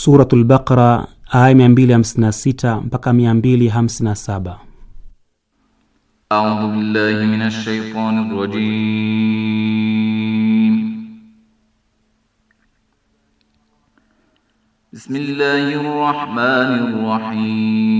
Suratul Baqara aya 256 mpaka 257. A'udhu billahi minash shaitanir rajim. Bismillahir rahmanir rahim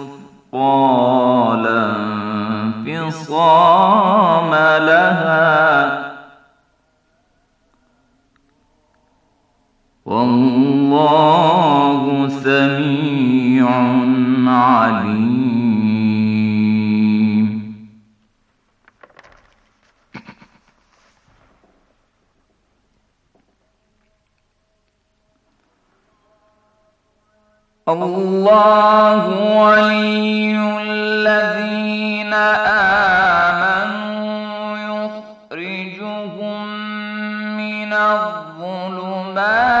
قال انفصام لها والله سميع عليم الله ولي الذين آمنوا يخرجهم من الظلمات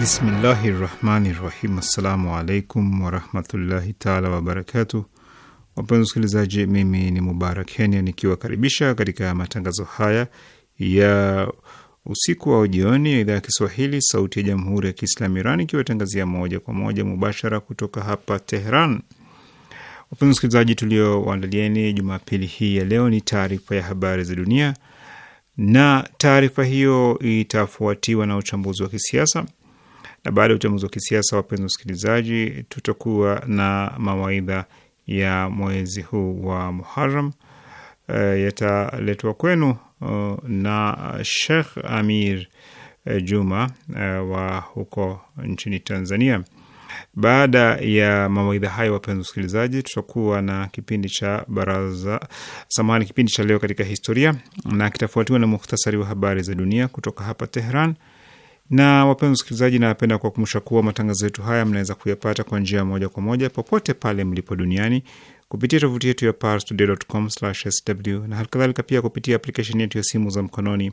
Bismillahi rahmani rahim. Assalamu alaikum warahmatullahi taala wabarakatu. Wapenzi wasikilizaji, mimi ni Mubarak Kenya nikiwakaribisha katika matangazo haya ya usiku wa jioni ya idhaa ya Kiswahili sauti ya jamhuri ya Kiislamu Iran ikiwatangazia moja kwa moja mubashara kutoka hapa Tehran. Wapenzi wasikilizaji, tuliowaandalieni Jumapili hii ya leo ni taarifa ya habari za dunia, na taarifa hiyo itafuatiwa na uchambuzi wa kisiasa na baada ya uchambuzi wa kisiasa, wapenzi wasikilizaji, tutakuwa na mawaidha ya mwezi huu wa Muharram e, yataletwa kwenu eh, na Shekh Amir eh, Juma e, wa huko nchini Tanzania. Baada ya mawaidha hayo, wapenzi wasikilizaji, tutakuwa na kipindi cha baraza, samani, kipindi cha leo katika historia, na kitafuatiwa na muhtasari wa habari za dunia kutoka hapa Tehran. Na wapenzi wasikilizaji, napenda kuwakumbusha kuwa matangazo yetu haya mnaweza kuyapata kwa njia moja kwa moja popote pale mlipo duniani kupitia tovuti yetu ya parstoday.com/sw na halikadhalika pia kupitia aplikesheni yetu ya simu za mkononi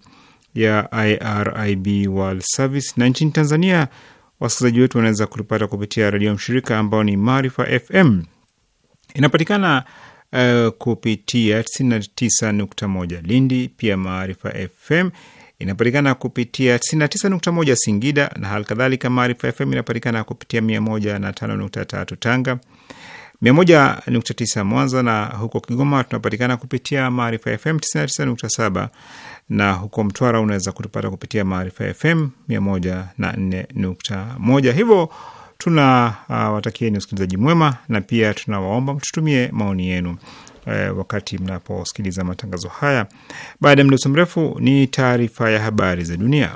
ya IRIB World Service. Na nchini Tanzania wasikilizaji wetu wanaweza kulipata kupitia redio mshirika ambao ni Maarifa FM, inapatikana uh, kupitia 99.1 Lindi, pia Maarifa FM inapatikana kupitia 99.1 Singida na hali kadhalika Maarifa FM inapatikana kupitia 105.3 Tanga, 101.9 Mwanza na huko Kigoma tunapatikana kupitia Maarifa FM 99.7 na huko Mtwara unaweza kutupata kupitia Maarifa FM 104.1. Hivyo tuna uh, watakieni usikilizaji mwema na pia tunawaomba mtutumie maoni yenu e, wakati mnaposikiliza matangazo haya. Baada ya mdoso mrefu ni taarifa ya habari za dunia.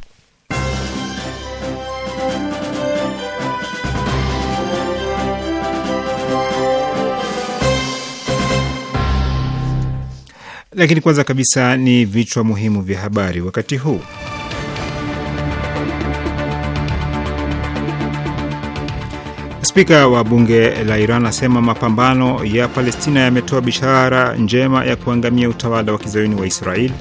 Lakini kwanza kabisa ni vichwa muhimu vya habari wakati huu. Spika wa bunge la Iran asema mapambano ya Palestina yametoa bishara njema ya kuangamia utawala wa kizayuni wa Israeli.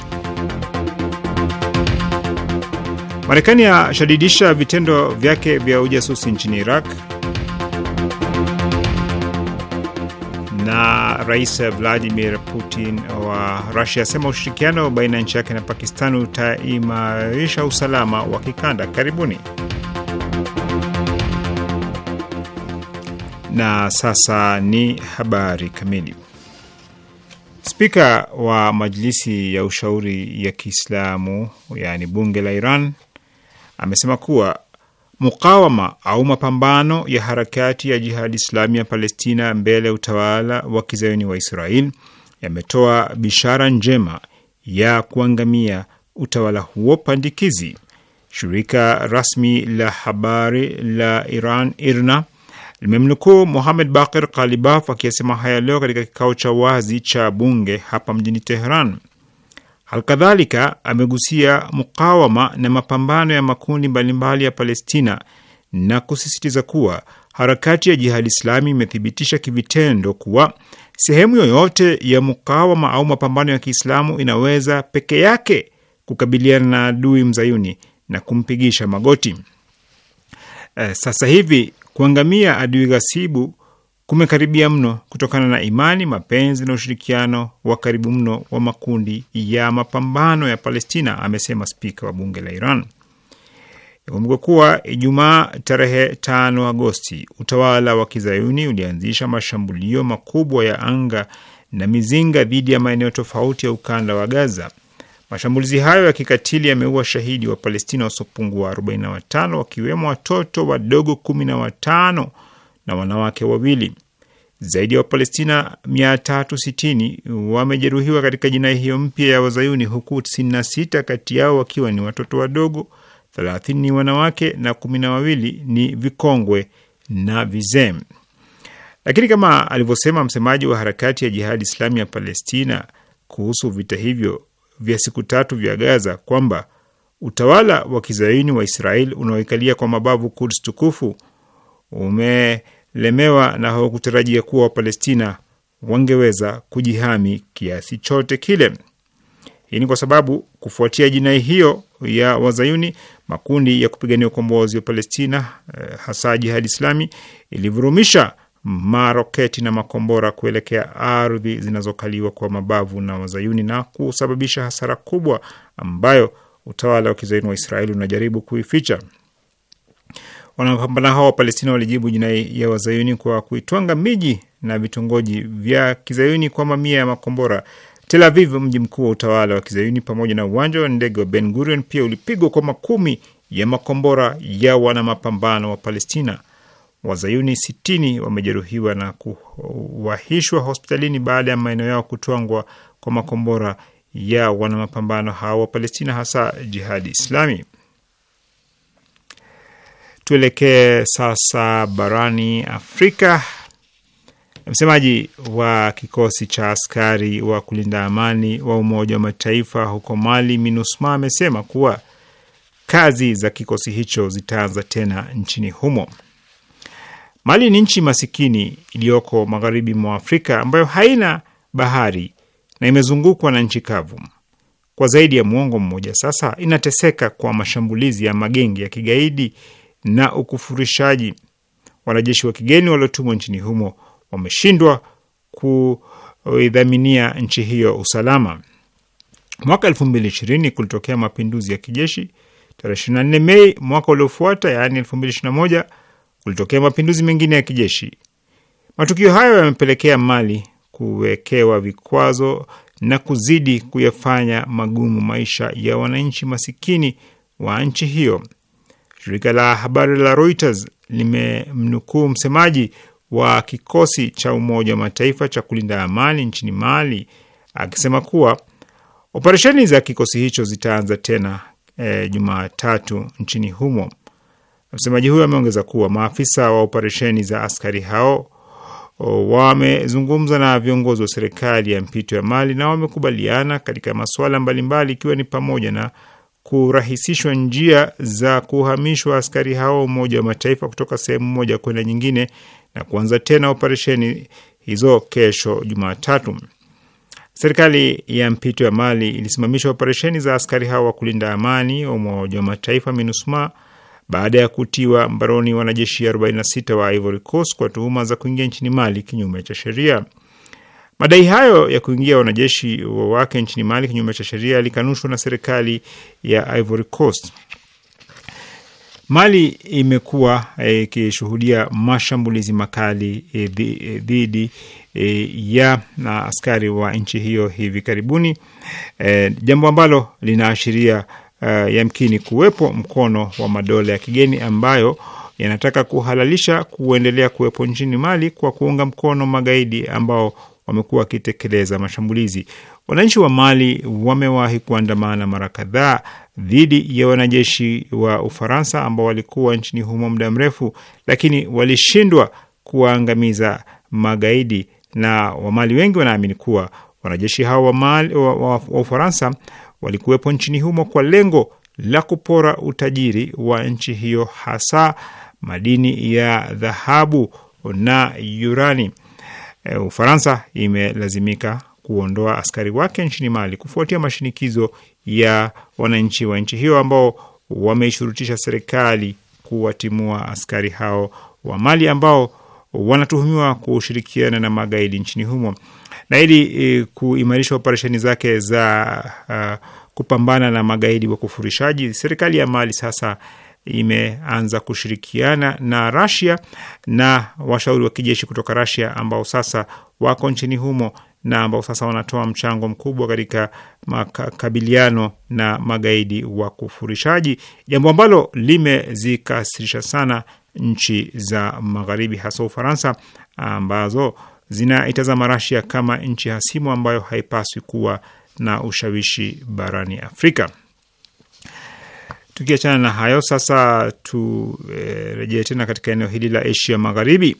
Marekani yashadidisha vitendo vyake vya ujasusi nchini Iraq na Rais Vladimir Putin wa Rusia asema ushirikiano baina ya nchi yake na Pakistan utaimarisha usalama wa kikanda. Karibuni na sasa ni habari kamili. Spika wa Majlisi ya Ushauri ya Kiislamu, yaani bunge la Iran, amesema kuwa mukawama au mapambano ya harakati ya Jihadi Islami ya Palestina mbele ya utawala wa kizayuni wa Israel yametoa bishara njema ya kuangamia utawala huo pandikizi. Shirika rasmi la habari la Iran IRNA limemnukuu Mohamed Bakir Kalibaf akiyasema haya leo katika kikao cha wazi cha bunge hapa mjini Teheran alkadhalika amegusia mukawama na mapambano ya makundi mbalimbali ya Palestina na kusisitiza kuwa harakati ya Jihadi Islami imethibitisha kivitendo kuwa sehemu yoyote ya mukawama au mapambano ya Kiislamu inaweza peke yake kukabiliana na adui mzayuni na kumpigisha magoti. E, sasa hivi kuangamia adui ghasibu kumekaribia mno kutokana na imani, mapenzi na ushirikiano wa karibu mno wa makundi ya mapambano ya Palestina, amesema spika wa bunge la Iran. Ikumbukwe kuwa Ijumaa tarehe 5 Agosti utawala wa kizayuni ulianzisha mashambulio makubwa ya anga na mizinga dhidi ya maeneo tofauti ya ukanda wa Gaza. Mashambulizi hayo ya kikatili yameua shahidi wa Palestina wasiopungua 45 wakiwemo watoto wadogo kumi na watano na wanawake wawili. Zaidi ya Wapalestina 360 wamejeruhiwa katika jinai hiyo mpya ya Wazayuni, huku 96 kati yao wakiwa ni watoto wadogo, 30 ni wanawake na kumi na wawili ni vikongwe na vizee. Lakini kama alivyosema msemaji wa harakati ya Jihadi Islami ya Palestina kuhusu vita hivyo vya siku tatu vya Gaza kwamba utawala wa kizayuni wa Israeli unaoikalia kwa mabavu Kuds tukufu umelemewa na hawakutarajia kuwa Wapalestina wangeweza kujihami kiasi chote kile. Hii ni kwa sababu kufuatia jinai hiyo ya Wazayuni, makundi ya kupigania ukombozi wa Palestina eh, hasa Jihadi Islami ilivurumisha maroketi na makombora kuelekea ardhi zinazokaliwa kwa mabavu na Wazayuni na kusababisha hasara kubwa ambayo utawala wa kizayuni wa Israeli unajaribu kuificha. Wanapambana hao Wapalestina walijibu jinai ya wazayuni kwa kuitwanga miji na vitongoji vya kizayuni kwa mamia ya makombora. Tel Aviv, mji mkuu wa utawala wa kizayuni, pamoja na uwanja wa ndege wa Ben Gurion pia ulipigwa kwa makumi ya makombora ya wanamapambano wa Palestina. Wazayuni sitini wamejeruhiwa na kuwahishwa hospitalini baada ya maeneo yao kutwangwa kwa makombora ya wanamapambano hao wa Palestina, hasa Jihadi Islami. Tuelekee sasa barani Afrika. Msemaji wa kikosi cha askari wa kulinda amani wa Umoja wa Mataifa huko Mali, MINUSMA, amesema kuwa kazi za kikosi hicho zitaanza tena nchini humo. Mali ni nchi masikini iliyoko magharibi mwa Afrika ambayo haina bahari na imezungukwa na nchi kavu. Kwa zaidi ya muongo mmoja sasa, inateseka kwa mashambulizi ya magengi ya kigaidi na ukufurishaji. Wanajeshi wa kigeni waliotumwa nchini humo wameshindwa kuidhaminia nchi hiyo usalama. Mwaka elfu mbili ishirini kulitokea mapinduzi ya kijeshi. Tarehe Mei mwaka uliofuata, yaani elfu mbili ishirini na moja, kulitokea mapinduzi mengine ya kijeshi. Matukio hayo yamepelekea Mali kuwekewa vikwazo na kuzidi kuyafanya magumu maisha ya wananchi masikini wa nchi hiyo. Shirika la habari la Reuters limemnukuu msemaji wa kikosi cha Umoja wa Mataifa cha kulinda amani nchini Mali akisema kuwa operesheni za kikosi hicho zitaanza tena e, Jumatatu nchini humo. Msemaji huyo ameongeza kuwa maafisa wa operesheni za askari hao wamezungumza na viongozi wa serikali ya mpito ya Mali na wamekubaliana katika masuala mbalimbali, ikiwa ni pamoja na kurahisishwa njia za kuhamishwa askari hao Umoja wa Mataifa kutoka sehemu moja kwenda nyingine na kuanza tena operesheni hizo kesho Jumatatu. Serikali ya mpito ya Mali ilisimamisha operesheni za askari hao wa kulinda amani wa Umoja wa Mataifa MINUSMA baada ya kutiwa mbaroni wanajeshi 46 wa Ivory Coast kwa tuhuma za kuingia nchini Mali kinyume cha sheria. Madai hayo ya kuingia wanajeshi wake nchini Mali kinyume cha sheria yalikanushwa na serikali ya Ivory Coast. Mali imekuwa eh, ikishuhudia e, mashambulizi makali eh, eh, dhidi e, e, ya na askari wa nchi hiyo hivi karibuni, e, jambo ambalo linaashiria e, yamkini kuwepo mkono wa madola ya kigeni ambayo yanataka kuhalalisha kuendelea kuwepo nchini Mali kwa kuunga mkono magaidi ambao wamekuwa wakitekeleza mashambulizi. Wananchi wa Mali wamewahi kuandamana mara kadhaa dhidi ya wanajeshi wa Ufaransa ambao walikuwa nchini humo muda mrefu, lakini walishindwa kuwaangamiza magaidi, na Wamali wengi wanaamini kuwa wanajeshi hao wa, wa, wa, wa Ufaransa walikuwepo nchini humo kwa lengo la kupora utajiri wa nchi hiyo, hasa madini ya dhahabu na urani e, Ufaransa imelazimika kuondoa askari wake nchini Mali kufuatia mashinikizo ya wananchi wa nchi hiyo ambao wameishurutisha serikali kuwatimua askari hao wa Mali ambao wanatuhumiwa kushirikiana na magaidi nchini humo. Na ili e, kuimarisha operesheni zake za uh, kupambana na magaidi wa kufurishaji, serikali ya Mali sasa imeanza kushirikiana na Rasia na washauri wa kijeshi kutoka Rasia ambao sasa wako nchini humo na ambao sasa wanatoa mchango mkubwa katika makabiliano na magaidi wa kufurishaji, jambo ambalo limezikasirisha sana nchi za Magharibi, hasa Ufaransa ambazo zinaitazama Rasia kama nchi hasimu ambayo haipaswi kuwa na ushawishi barani Afrika. Tukiachana na hayo sasa, turejee eh, tena katika eneo hili la Asia Magharibi.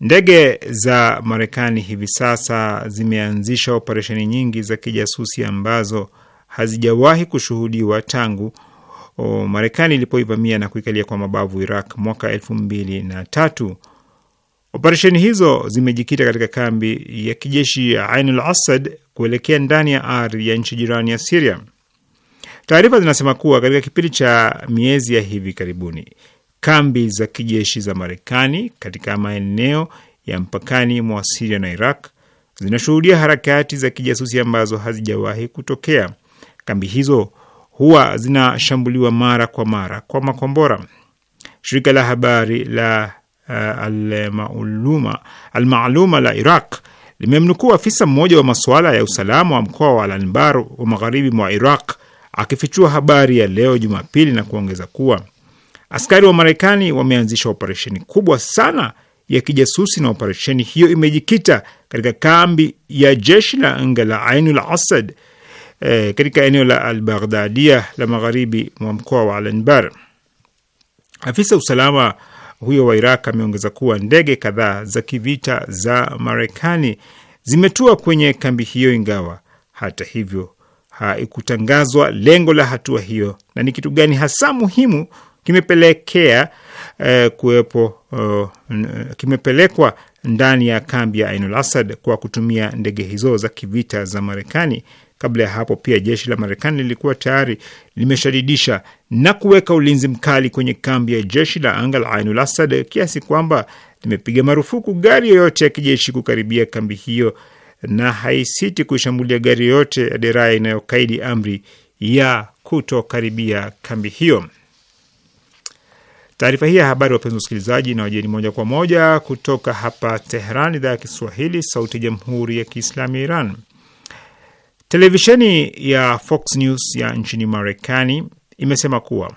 Ndege za Marekani hivi sasa zimeanzisha operesheni nyingi za kijasusi ambazo hazijawahi kushuhudiwa tangu Marekani ilipoivamia na kuikalia kwa mabavu Iraq mwaka elfu mbili na tatu. Operesheni hizo zimejikita katika kambi ya kijeshi ya Ain al Asad kuelekea ndani ya ardhi ya nchi jirani ya Siria. Taarifa zinasema kuwa katika kipindi cha miezi ya hivi karibuni kambi za kijeshi za Marekani katika maeneo ya mpakani mwa Siria na Iraq zinashuhudia harakati za kijasusi ambazo hazijawahi kutokea. Kambi hizo huwa zinashambuliwa mara kwa mara kwa makombora. Shirika la habari la uh, Almaaluma al la Iraq limemnukuu afisa mmoja wa masuala ya usalama wa mkoa wa Al-Anbar wa magharibi mwa Iraq akifichua habari ya leo Jumapili na kuongeza kuwa askari wa Marekani wameanzisha operesheni kubwa sana ya kijasusi na operesheni hiyo imejikita katika kambi ya jeshi la anga la Ainul Asad e, katika eneo la Al Baghdadia la magharibi mwa mkoa wa Alanbar. Afisa usalama huyo wa Iraq ameongeza kuwa ndege kadhaa za kivita za Marekani zimetua kwenye kambi hiyo, ingawa hata hivyo haikutangazwa lengo la hatua hiyo na ni kitu gani hasa muhimu kimepelekea eh, kuwepo oh, kimepelekwa ndani ya kambi ya Ainul Asad kwa kutumia ndege hizo za kivita za Marekani. Kabla ya hapo pia jeshi la Marekani lilikuwa tayari limeshadidisha na kuweka ulinzi mkali kwenye kambi ya jeshi la anga la Ainul Asad kiasi kwamba limepiga marufuku gari yoyote ya kijeshi kukaribia kambi hiyo na haisiti kuishambulia gari yote ya deraya inayokaidi amri ya kutokaribia kambi hiyo. Taarifa hii ya habari, wapenzi wasikilizaji, na wajeni moja kwa moja kutoka hapa Tehran, idhaa ya Kiswahili, sauti ya jamhuri ya kiislamu ya Iran. Televisheni ya Fox News ya nchini Marekani imesema kuwa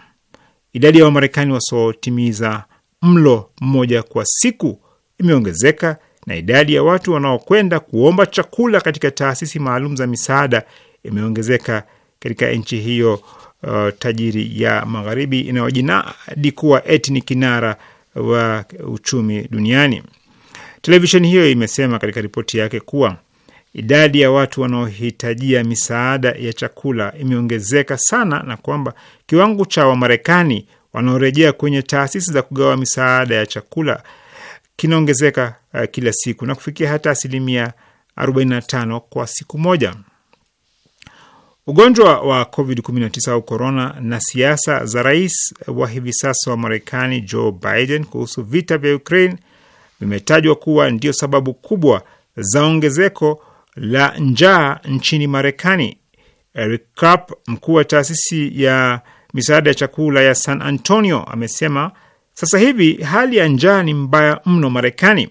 idadi ya Wamarekani wasiotimiza mlo mmoja kwa siku imeongezeka na idadi ya watu wanaokwenda kuomba chakula katika taasisi maalum za misaada imeongezeka katika nchi hiyo uh, tajiri ya magharibi inayojinadi kuwa eti ni kinara wa uchumi duniani. Televisheni hiyo imesema katika ripoti yake kuwa idadi ya watu wanaohitajia misaada ya chakula imeongezeka sana na kwamba kiwango cha Wamarekani wanaorejea kwenye taasisi za kugawa misaada ya chakula kinaongezeka uh, kila siku na kufikia hata asilimia 45 kwa siku moja. Ugonjwa wa COVID-19 au corona na siasa za rais wa hivi sasa wa Marekani Joe Biden kuhusu vita vya Ukraine vimetajwa kuwa ndio sababu kubwa za ongezeko la njaa nchini Marekani. Eric Karp, mkuu wa taasisi ya misaada ya chakula ya San Antonio, amesema sasa hivi hali ya njaa ni mbaya mno Marekani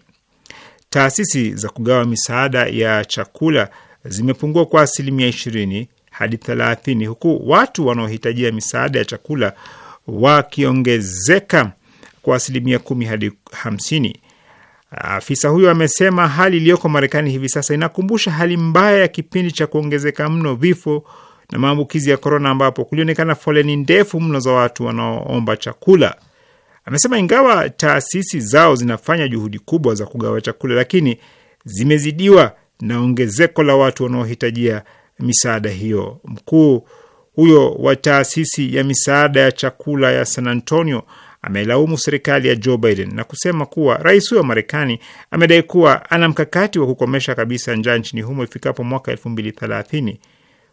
taasisi za kugawa misaada ya chakula zimepungua kwa asilimia ishirini hadi thelathini huku watu wanaohitajia misaada ya chakula wakiongezeka kwa asilimia kumi hadi hamsini. Afisa huyo amesema hali iliyoko Marekani hivi sasa inakumbusha hali mbaya ya kipindi cha kuongezeka mno vifo na maambukizi ya korona, ambapo kulionekana foleni ndefu mno za watu wanaoomba chakula. Amesema ingawa taasisi zao zinafanya juhudi kubwa za kugawa chakula, lakini zimezidiwa na ongezeko la watu wanaohitajia misaada hiyo. Mkuu huyo wa taasisi ya misaada ya chakula ya San Antonio amelaumu serikali ya Joe Biden na kusema kuwa rais huyo wa Marekani amedai kuwa ana mkakati wa kukomesha kabisa njaa nchini humo ifikapo mwaka elfu mbili thelathini.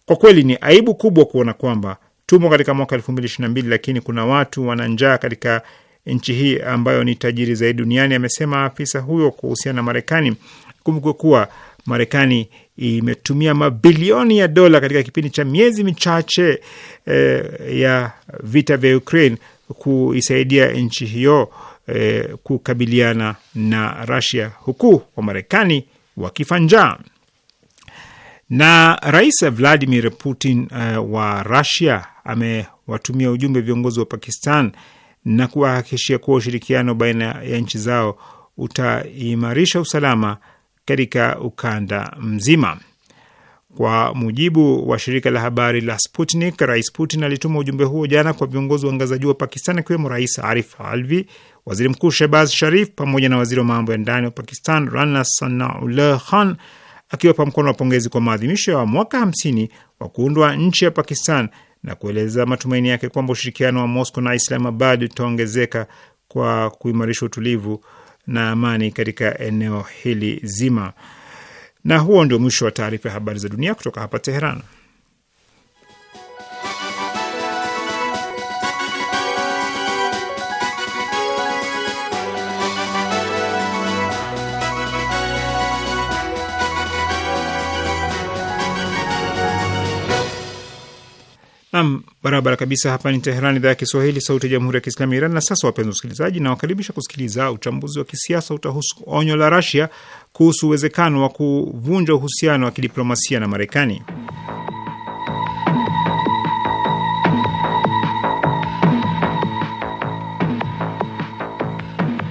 Kwa kweli ni aibu kubwa kuona kwamba tumo katika mwaka elfu mbili ishirini na mbili, lakini kuna watu wana njaa katika nchi hii ambayo ni tajiri zaidi duniani, amesema afisa huyo kuhusiana na Marekani. Kumbuke kuwa Marekani imetumia mabilioni ya dola katika kipindi cha miezi michache e, ya vita vya Ukraine kuisaidia nchi hiyo e, kukabiliana na Russia huku Wamarekani wakifa njaa. Na Rais Vladimir Putin eh, wa Russia amewatumia ujumbe viongozi wa Pakistan na kuwahakikishia kuwa ushirikiano baina ya nchi zao utaimarisha usalama katika ukanda mzima. Kwa mujibu wa shirika la habari la Sputnik, Rais Putin alituma ujumbe huo jana kwa viongozi wa ngazi juu wa Pakistan, akiwemo Rais Arif Alvi, Waziri Mkuu Shehbaz Sharif pamoja na waziri wa mambo ya ndani wa Pakistan Rana Sanaullah Khan, akiwapa mkono wa pongezi kwa maadhimisho ya mwaka 50 wa kuundwa nchi ya Pakistan na kueleza matumaini yake kwamba ushirikiano wa Moscow na Islamabad utaongezeka kwa kuimarisha utulivu na amani katika eneo hili zima. Na huo ndio mwisho wa taarifa ya habari za dunia kutoka hapa Teheran. Nam barabara kabisa. Hapa ni Teherani, idhaa ya Kiswahili, sauti ya jamhuri ya kiislamu ya Iran. Na sasa, wapenzi wasikilizaji, nawakaribisha kusikiliza uchambuzi wa kisiasa. Utahusu onyo la Rasia kuhusu uwezekano wa kuvunja uhusiano wa kidiplomasia na Marekani.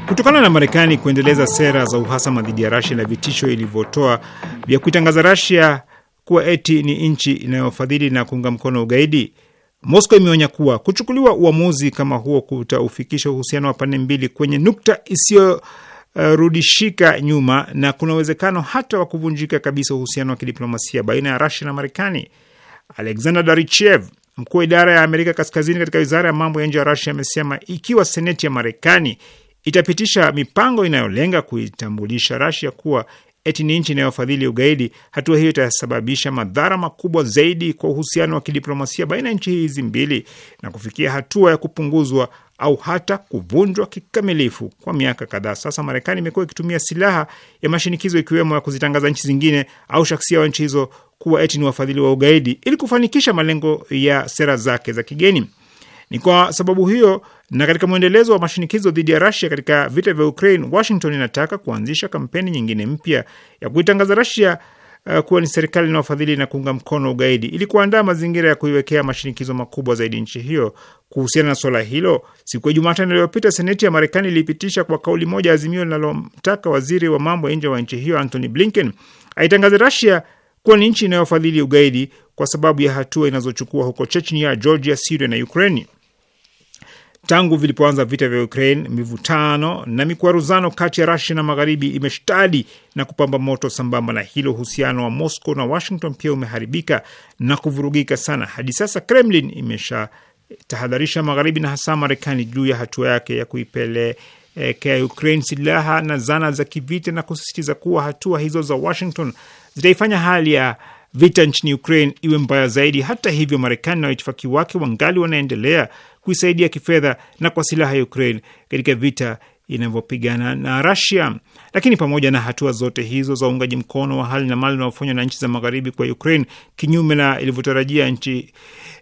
Kutokana na Marekani kuendeleza sera za uhasama dhidi ya Rasia na vitisho ilivyotoa vya kuitangaza Rasia kuwa eti ni nchi inayofadhili na kuunga mkono ugaidi, Moscow imeonya kuwa kuchukuliwa uamuzi kama huo kutaufikisha uhusiano wa pande mbili kwenye nukta isiyorudishika uh, nyuma na kuna uwezekano hata wa kuvunjika kabisa uhusiano wa kidiplomasia baina ya Rusia na Marekani. Alexander Darichev, mkuu wa idara ya Amerika Kaskazini katika wizara ya mambo ya nje ya Rusia, amesema ikiwa seneti ya Marekani itapitisha mipango inayolenga kuitambulisha Rusia kuwa eti ni nchi inayofadhili ugaidi, hatua hiyo itasababisha madhara makubwa zaidi kwa uhusiano wa kidiplomasia baina ya nchi hizi mbili na kufikia hatua ya kupunguzwa au hata kuvunjwa kikamilifu. Kwa miaka kadhaa sasa, Marekani imekuwa ikitumia silaha ya mashinikizo, ikiwemo ya kuzitangaza nchi zingine au shaksia wa nchi hizo kuwa eti ni wafadhili wa ugaidi ili kufanikisha malengo ya sera zake za kigeni. Ni kwa sababu hiyo na katika mwendelezo wa mashinikizo dhidi ya Rasia katika vita vya Ukraine, Washington inataka kuanzisha kampeni nyingine mpya ya kuitangaza Rasia uh, kuwa ni serikali inayofadhili na kuunga mkono ugaidi ili kuandaa mazingira ya kuiwekea mashinikizo makubwa zaidi nchi hiyo. Kuhusiana na suala hilo, siku ya Jumatano iliyopita, seneti ya Marekani ilipitisha kwa kauli moja azimio linalomtaka waziri wa mambo ya nje wa nchi hiyo Antony Blinken aitangaze Rasia kuwa ni nchi inayofadhili ugaidi kwa sababu ya hatua inazochukua huko Chechnia, Georgia, Siria na Ukraini. Tangu vilipoanza vita vya Ukraine, mivutano na mikwaruzano kati ya Rusia na magharibi imeshtadi na kupamba moto. Sambamba na hilo, uhusiano wa Moscow na Washington pia umeharibika na kuvurugika sana. Hadi sasa Kremlin imeshatahadharisha magharibi na hasa Marekani juu ya hatua yake ya kuipelekea Ukraine silaha na zana za kivita na kusisitiza kuwa hatua hizo za Washington zitaifanya hali ya vita nchini Ukraine iwe mbaya zaidi. Hata hivyo, Marekani na waitifaki wake wangali wanaendelea kuisaidia kifedha na kwa silaha ya Ukraine katika vita inavyopigana na Russia. Lakini pamoja na hatua zote hizo za uungaji mkono wa hali na mali unaofanywa na nchi za magharibi kwa Ukraine, kinyume na ilivyotarajia nchi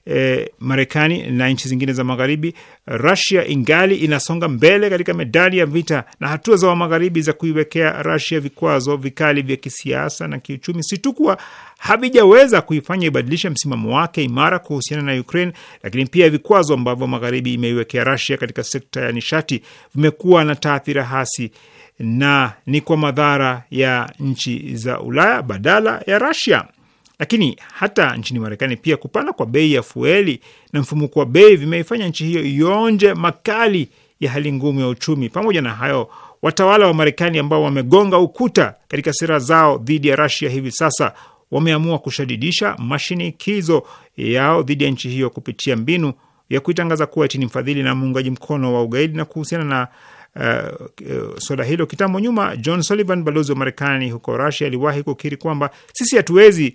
eh, Marekani na nchi zingine za magharibi, Russia ingali inasonga mbele katika medali ya vita, na hatua za wa magharibi za kuiwekea Russia vikwazo vikali vya kisiasa na kiuchumi si tu kuwa havijaweza kuifanya ibadilishe msimamo wake imara kuhusiana na Ukraine, lakini pia vikwazo ambavyo magharibi imeiwekea Russia katika sekta ya nishati vimekuwa na taathira hasi na ni kwa madhara ya nchi za Ulaya badala ya Russia. Lakini hata nchini Marekani pia kupanda kwa bei ya fueli na mfumuko wa bei vimeifanya nchi hiyo ionje makali ya hali ngumu ya uchumi. Pamoja na hayo, watawala wa Marekani ambao wamegonga ukuta katika sera zao dhidi ya Russia hivi sasa wameamua kushadidisha mashinikizo yao dhidi ya nchi hiyo kupitia mbinu ya kuitangaza kuwa eti ni mfadhili na muungaji mkono wa ugaidi. Na kuhusiana na uh, uh, suala hilo, kitambo nyuma John Sullivan, balozi wa Marekani huko rusia aliwahi kukiri kwamba sisi hatuwezi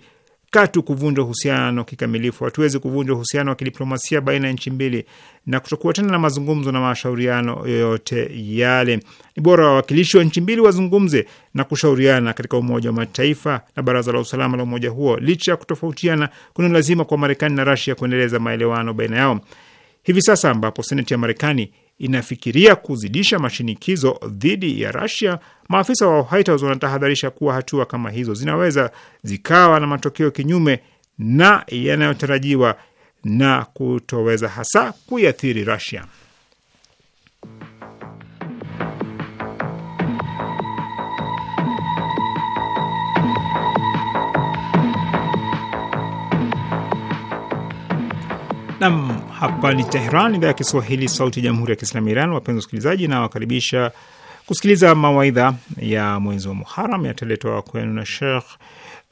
katu kuvunja uhusiano kikamilifu. Hatuwezi kuvunja uhusiano wa kidiplomasia baina ya nchi mbili na kutokuwa tena na mazungumzo na mashauriano yoyote yale. Ni bora wawakilishi wa nchi mbili wazungumze na kushauriana katika Umoja wa Mataifa na Baraza la Usalama la umoja huo. Licha ya kutofautiana, kuna lazima kwa Marekani na Rasia kuendeleza maelewano baina yao hivi sasa ambapo seneti ya Marekani inafikiria kuzidisha mashinikizo dhidi ya rusia maafisa wa White House wanatahadharisha kuwa hatua kama hizo zinaweza zikawa na matokeo kinyume na yanayotarajiwa na kutoweza hasa kuiathiri rusia Nam, hapa ni Tehran, idhaa ya Kiswahili, sauti ya jamhuri ya kiislamu Iran. Wapenzi wasikilizaji, nawakaribisha kusikiliza mawaidha ya mwezi wa Muharam yataletwa kwenu na Shekh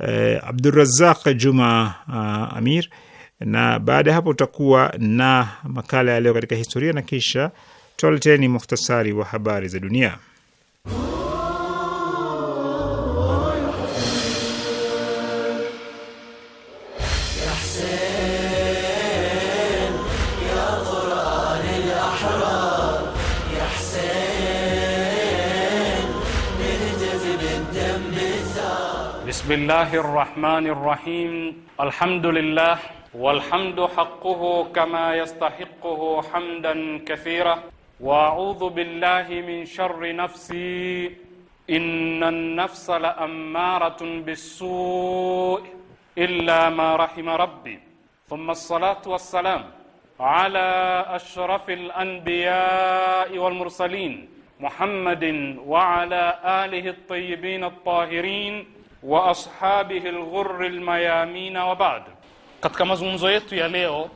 eh, Abdurazaq Juma uh, Amir, na baada ya hapo utakuwa na makala ya leo katika historia na kisha tualeteni muhtasari wa habari za dunia. بسم الله الرحمن الرحيم الحمد لله والحمد حقه كما يستحقه حمدا كثيرا واعوذ بالله من شر نفسي ان النفس لاماره بالسوء الا ما رحم ربي ثم الصلاه والسلام على اشرف الانبياء والمرسلين محمد وعلى اله الطيبين الطاهرين wa ashabihi lghurri lmayamina wa Katika mazungumzo yetu ya leo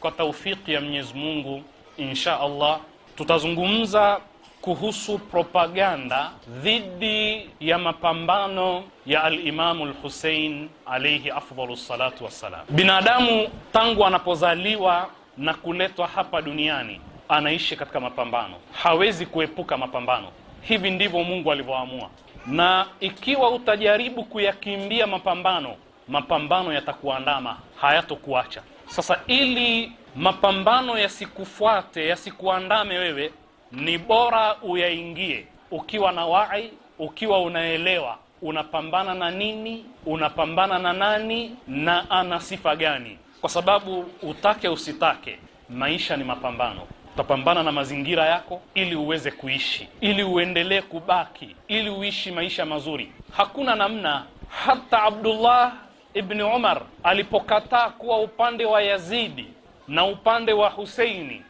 kwa taufiki ya Mwenyezi Mungu insha Allah tutazungumza kuhusu propaganda dhidi ya mapambano ya alimamu Lhusein alaihi afdalu salatu wassalam. Binadamu tangu anapozaliwa na kuletwa hapa duniani anaishi katika mapambano, hawezi kuepuka mapambano. Hivi ndivyo Mungu alivyoamua na ikiwa utajaribu kuyakimbia mapambano, mapambano yatakuandama, hayatokuacha. Sasa ili mapambano yasikufuate, yasikuandame wewe, ni bora uyaingie ukiwa na wai, ukiwa unaelewa unapambana na nini, unapambana na nani na ana sifa gani, kwa sababu utake usitake, maisha ni mapambano utapambana na mazingira yako ili uweze kuishi, ili uendelee kubaki, ili uishi maisha mazuri. Hakuna namna. Hata Abdullah ibni Umar alipokataa kuwa upande wa Yazidi na upande wa Huseini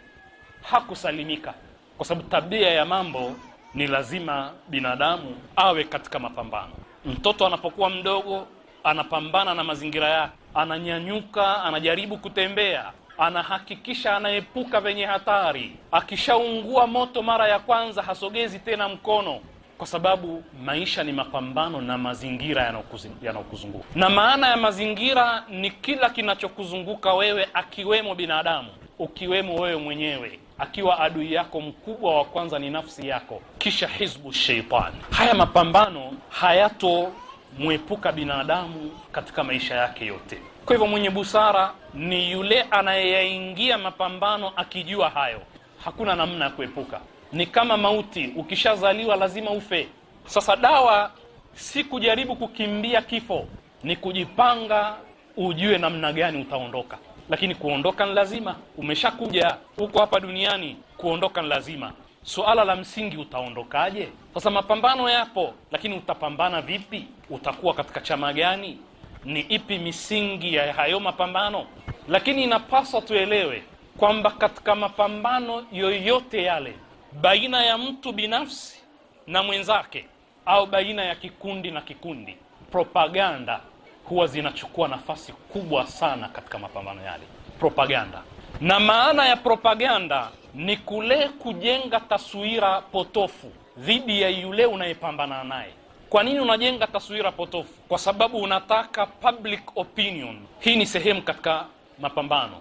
hakusalimika, kwa sababu tabia ya mambo ni lazima binadamu awe katika mapambano. Mtoto anapokuwa mdogo anapambana na mazingira yake, ananyanyuka, anajaribu kutembea anahakikisha anaepuka venye hatari. Akishaungua moto mara ya kwanza hasogezi tena mkono, kwa sababu maisha ni mapambano na mazingira yanayokuzunguka. Na maana ya mazingira ni kila kinachokuzunguka wewe, akiwemo binadamu, ukiwemo wewe mwenyewe, akiwa adui yako mkubwa wa kwanza ni nafsi yako, kisha hizbu sheitani. Haya mapambano hayatomwepuka binadamu katika maisha yake yote. Kwa hivyo mwenye busara ni yule anayeyaingia mapambano akijua hayo, hakuna namna ya kuepuka. Ni kama mauti, ukishazaliwa lazima ufe. Sasa dawa si kujaribu kukimbia kifo, ni kujipanga, ujue namna gani utaondoka. Lakini kuondoka ni lazima, umeshakuja huko hapa duniani, kuondoka ni lazima. Suala la msingi utaondokaje? Sasa mapambano yapo, lakini utapambana vipi? Utakuwa katika chama gani? ni ipi misingi ya hayo mapambano, lakini inapaswa tuelewe kwamba katika mapambano yoyote yale baina ya mtu binafsi na mwenzake au baina ya kikundi na kikundi, propaganda huwa zinachukua nafasi kubwa sana katika mapambano yale. Propaganda na maana ya propaganda ni kule kujenga taswira potofu dhidi ya yule unayepambana naye. Kwa nini unajenga taswira potofu? Kwa sababu unataka public opinion. Hii ni sehemu katika mapambano.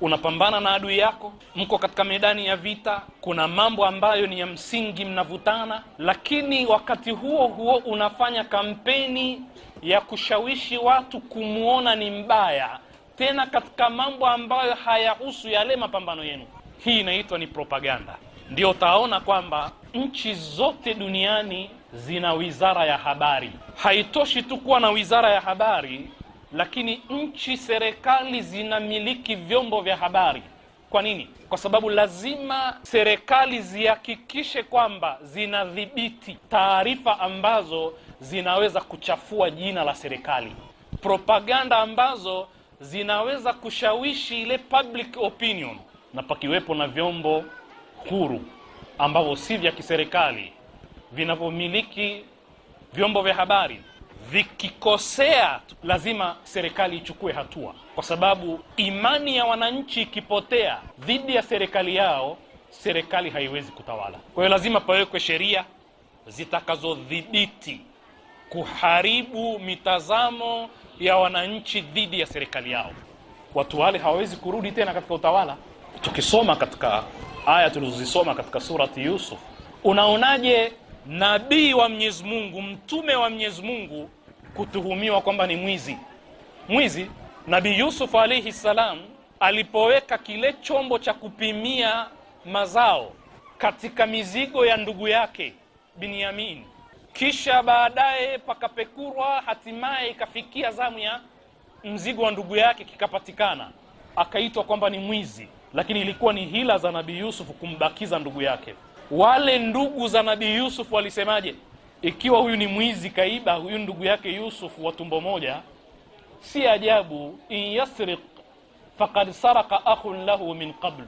Unapambana na adui yako, mko katika medani ya vita, kuna mambo ambayo ni ya msingi, mnavutana, lakini wakati huo huo unafanya kampeni ya kushawishi watu kumwona ni mbaya, tena katika mambo ambayo hayahusu yale mapambano yenu. Hii inaitwa ni propaganda. Ndio utaona kwamba nchi zote duniani zina wizara ya habari. Haitoshi tu kuwa na wizara ya habari, lakini nchi, serikali zinamiliki vyombo vya habari. Kwa nini? Kwa sababu lazima serikali zihakikishe kwamba zinadhibiti taarifa ambazo zinaweza kuchafua jina la serikali, propaganda ambazo zinaweza kushawishi ile public opinion, na pakiwepo na vyombo huru ambavyo si vya kiserikali vinavyomiliki vyombo vya habari vikikosea, lazima serikali ichukue hatua, kwa sababu imani ya wananchi ikipotea dhidi ya serikali yao, serikali haiwezi kutawala. Kwa hiyo lazima pawekwe sheria zitakazodhibiti kuharibu mitazamo ya wananchi dhidi ya serikali yao. Watu wale hawawezi kurudi tena katika utawala. Tukisoma katika aya tulizozisoma katika surati Yusuf, unaonaje nabii wa Mwenyezi Mungu, mtume wa Mwenyezi Mungu kutuhumiwa kwamba ni mwizi. Mwizi Nabii Yusuf alaihi salam alipoweka kile chombo cha kupimia mazao katika mizigo ya ndugu yake Binyamin, kisha baadaye pakapekurwa, hatimaye ikafikia zamu ya mzigo wa ndugu yake kikapatikana, akaitwa kwamba ni mwizi, lakini ilikuwa ni hila za Nabii Yusuf kumbakiza ndugu yake wale ndugu za nabii Yusuf walisemaje? Ikiwa huyu ni mwizi kaiba, huyu ndugu yake Yusuf wa tumbo moja, si ajabu in yasriq faqad saraka akhun lahu min qabl,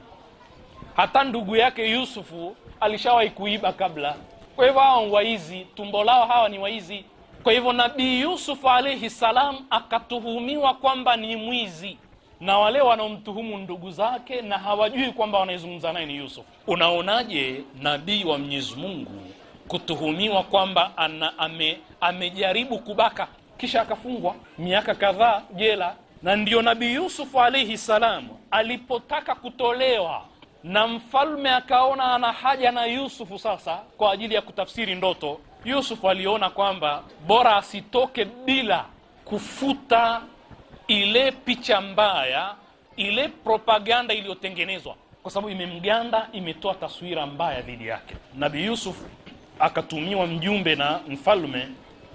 hata ndugu yake Yusufu alishawahi kuiba kabla. Kwa hivyo hawa ni waizi, tumbo lao hawa ni waizi. Kwa hivyo nabii Yusuf alaihi salam akatuhumiwa kwamba ni mwizi na wale wanaomtuhumu ndugu zake na hawajui kwamba wanaizungumza naye ni Yusuf. Unaonaje nabii wa Mwenyezi Mungu kutuhumiwa kwamba ana, ame, amejaribu kubaka kisha akafungwa miaka kadhaa jela? Na ndiyo nabii Yusuf alaihi salam alipotaka kutolewa na mfalme akaona ana haja na Yusufu sasa kwa ajili ya kutafsiri ndoto. Yusufu aliona kwamba bora asitoke bila kufuta ile picha mbaya, ile propaganda iliyotengenezwa, kwa sababu imemganda, imetoa taswira mbaya dhidi yake. Nabii Yusuf akatumiwa mjumbe na mfalme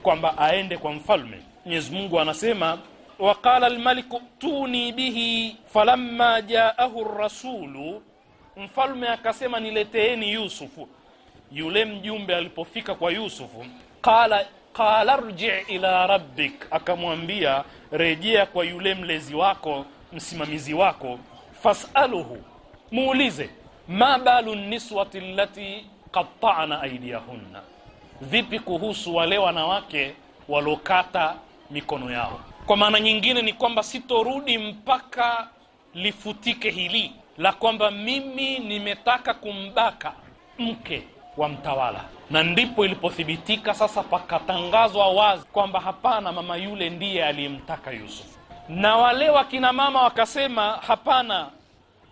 kwamba aende kwa mfalme. Mwenyezi Mungu anasema waqala almaliku tuni bihi falamma jaahu rasulu, mfalme akasema nileteeni Yusufu. Yule mjumbe alipofika kwa Yusufu qala qala rji ila rabbik akamwambia rejea kwa yule mlezi wako msimamizi wako fasaluhu muulize ma balu niswati allati qatta'na aydiyahunna vipi kuhusu wale wanawake walokata mikono yao kwa maana nyingine ni kwamba sitorudi mpaka lifutike hili la kwamba mimi nimetaka kumbaka mke wa mtawala na ndipo ilipothibitika sasa, pakatangazwa wazi kwamba hapana, mama yule ndiye aliyemtaka Yusuf. Na wale wakina mama wakasema hapana,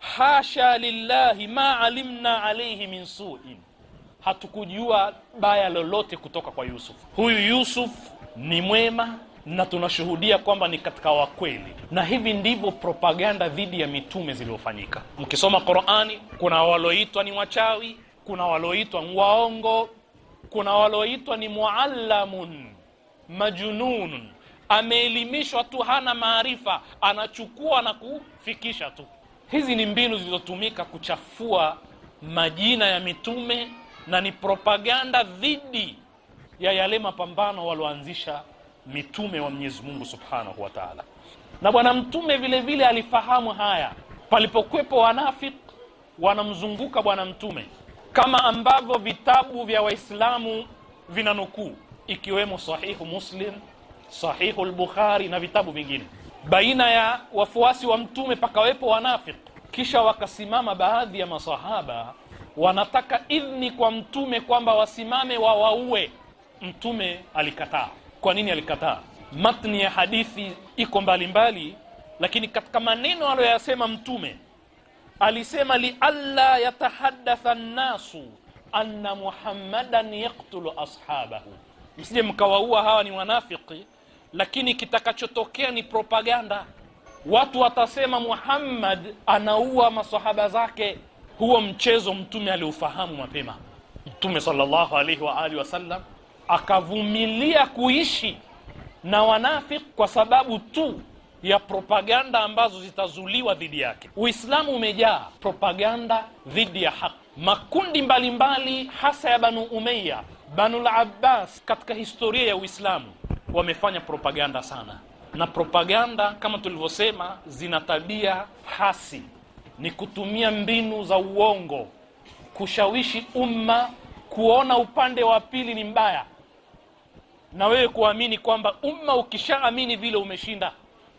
hasha lillahi ma alimna alaihi min suin, hatukujua baya lolote kutoka kwa Yusuf. Huyu Yusuf ni mwema na tunashuhudia kwamba ni katika wakweli, na hivi ndivyo propaganda dhidi ya mitume zilizofanyika. Mkisoma Qurani kuna waloitwa ni wachawi, kuna waloitwa waongo kuna waloitwa ni muallamun majunun, ameelimishwa tu hana maarifa, anachukua na kufikisha tu. Hizi ni mbinu zilizotumika kuchafua majina ya mitume na ni propaganda dhidi ya yale mapambano walioanzisha mitume wa Mwenyezi Mungu Subhanahu wa Ta'ala. Na bwana mtume vilevile alifahamu haya. Palipokwepo wanafiki wanamzunguka bwana mtume kama ambavyo vitabu vya Waislamu vinanukuu ikiwemo Sahihu Muslim, Sahihu lbukhari na vitabu vingine. Baina ya wafuasi wa Mtume pakawepo wanafik kisha wakasimama baadhi ya masahaba wanataka idhni kwa Mtume kwamba wasimame wawaue. Mtume alikataa. Kwa nini alikataa? Matni ya hadithi iko mbalimbali, lakini katika maneno aliyoyasema Mtume alisema lialla yatahadatha nnasu anna muhammadan yaktulu ashabahu msije mkawaua hawa ni wanafiki lakini kitakachotokea ni propaganda watu watasema muhammad anaua masahaba zake huo mchezo mtume aliufahamu mapema mtume salllahu alaihi waalihi wasallam akavumilia kuishi na wanafiki kwa sababu tu ya propaganda ambazo zitazuliwa dhidi yake. Uislamu umejaa propaganda dhidi ya haki. Makundi mbalimbali mbali, hasa ya Banu umeya Banul Abbas, katika historia ya Uislamu wamefanya propaganda sana, na propaganda kama tulivyosema, zina tabia hasi, ni kutumia mbinu za uongo kushawishi umma kuona upande wa pili ni mbaya, na wewe kuamini kwamba umma ukishaamini vile umeshinda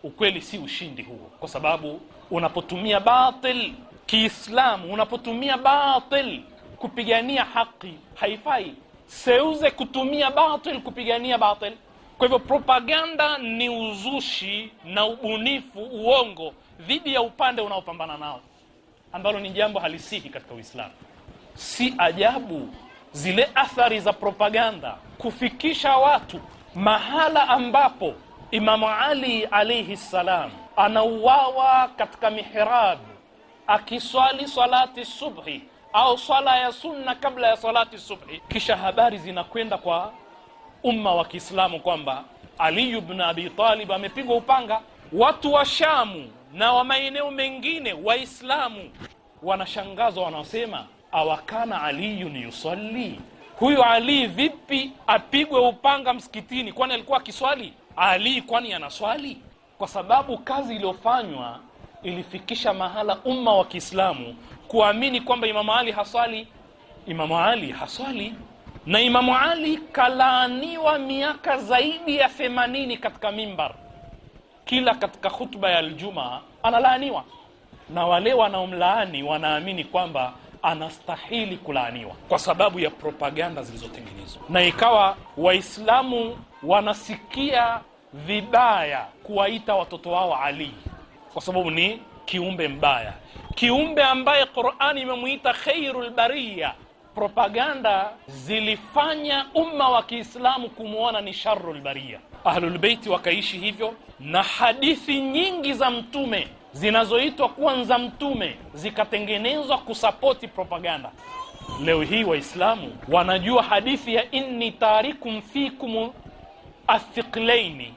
ukweli si ushindi huo, kwa sababu unapotumia batil Kiislamu, unapotumia batil kupigania haki haifai. Seuze kutumia batil kupigania batil. Kwa hivyo propaganda ni uzushi na ubunifu uongo dhidi ya upande unaopambana nao, ambalo ni jambo halisihi katika Uislamu. Si ajabu zile athari za propaganda kufikisha watu mahala ambapo Imamu Ali alaihi ssalam anauawa katika mihrab akiswali salati subhi au swala ya sunna kabla ya salati subhi. Kisha habari zinakwenda kwa umma wa Kiislamu kwamba Ali ibn Abi Talib amepigwa upanga. Watu wa Shamu na wa maeneo mengine Waislamu wanashangazwa, wanasema awakana aliyun yusalli, huyu Ali vipi apigwe upanga msikitini? Kwani alikuwa akiswali? Ali kwani anaswali? Kwa sababu kazi iliyofanywa ilifikisha mahala umma wa Kiislamu kuamini kwamba Imamu Ali haswali. Imamu Ali haswali, na Imamu Ali kalaaniwa miaka zaidi ya themanini katika mimbar, kila katika hutuba ya aljuma analaaniwa, na wale wanaomlaani wanaamini kwamba anastahili kulaaniwa kwa sababu ya propaganda zilizotengenezwa, na ikawa Waislamu wanasikia vibaya kuwaita watoto wao Ali kwa sababu ni kiumbe mbaya, kiumbe ambaye Qurani imemwita khairul bariya. Propaganda zilifanya umma wa Kiislamu kumwona ni sharul bariya. Ahlulbeiti wakaishi hivyo, na hadithi nyingi za Mtume zinazoitwa kuwa za mtume zikatengenezwa kusapoti propaganda. Leo hii Waislamu wanajua hadithi ya inni tarikum fikum athiqlaini